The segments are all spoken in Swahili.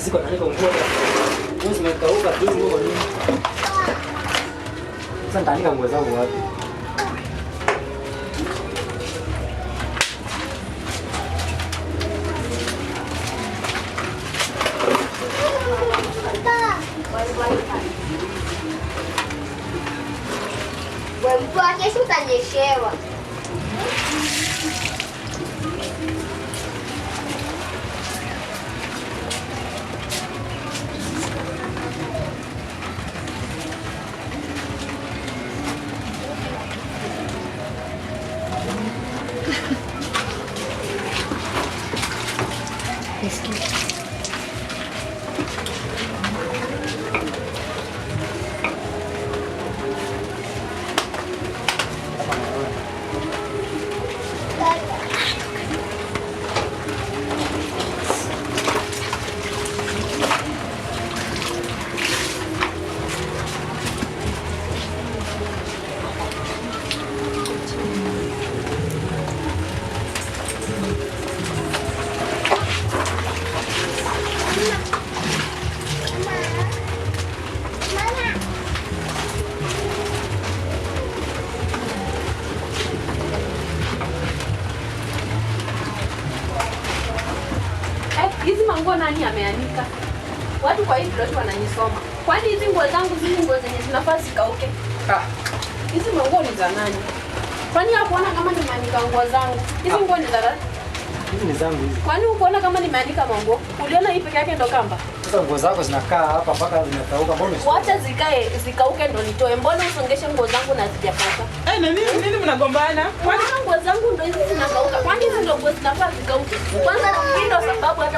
siku ananika nguo nguo zimekauka tu nguo kwa nini? Sasa nitaanika nguo zangu wapi? Mvua kesho utanyeshewa. Eski. hizi manguo nani ameanika? Watu kwa hii plot wananisoma. Kwani hizi nguo zangu zile nguo zenye zinafaa zikauke? Ah. Hizi manguo ni za nani? Kwani hakuona kama nimeanika nguo zangu? Hizi ah. nguo ni za nani? Hizi ni zangu hizi. Kwani hukuona kama nimeanika manguo? Uliona hii peke yake ndo kamba? Sasa nguo zako zinakaa hapa mpaka zinakauka. Mbona wacha zikae zikauke ndo nitoe? Mbona usongeshe nguo zangu na zijakauka? Eh, na nini nini mnagombana? Kwani nguo zangu ndo hizi zinakauka? Kwani hizi ndo nguo zinafaa zikauke? Kwanza ndio sababu hata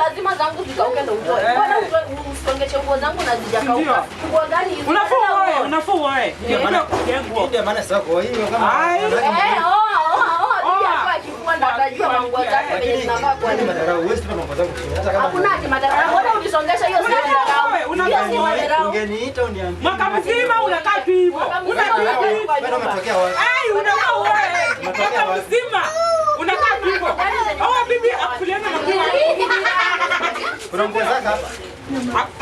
lazima zangu zikauke ndo utoe. Bwana usitongeshe nguo zangu na zijakauka. Nguo gani hizo? Unafua wewe, unafua wewe. Ndio maana yangu. Ndio maana sako hiyo kama. Eh, oh, oh, oh. Hapa kifuanda atajua nguo zake venye zinavaa kwa nini. Madarau wewe sio mambo zangu. Hakuna ati madarau. Bwana unisongesha hiyo sio madarau. Unafanya madarau. Ungeniita uniambie. Mwaka mzima unakaa tu hivyo. Unakaa tu hivyo. Bwana matokeo wapi? Eh, unakaa wewe. Mwaka mzima. Unakaa hivyo. Oh, bibi akuliana na kwa. Kuna nguo zako hapa?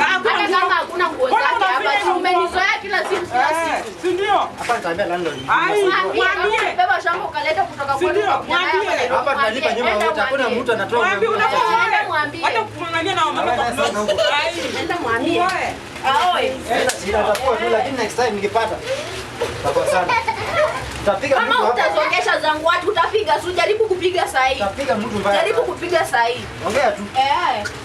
Hapana, kama hakuna nguo zake hapa. Umenizoea kila siku kila eh, siku. Si ndio? Hapa nitaambia landlord. Ai, mwambie. Beba shamba ukaleta kutoka kwa ndugu. Mwambie. Hapa tunalipa nyumba yote. Hakuna mtu anatoa. Mwambie unafanya. Mwambie. Hata kumwangalia na mama kwa. Ai, nenda mwambie. Aoi. Sina tapoa tu lakini next time nikipata. Tapoa sana. Tutapiga mtu hapa zangu watu utapiga, si jaribu kupiga sahi. Jaribu kupiga sahii Ongea tu. Eh. eh.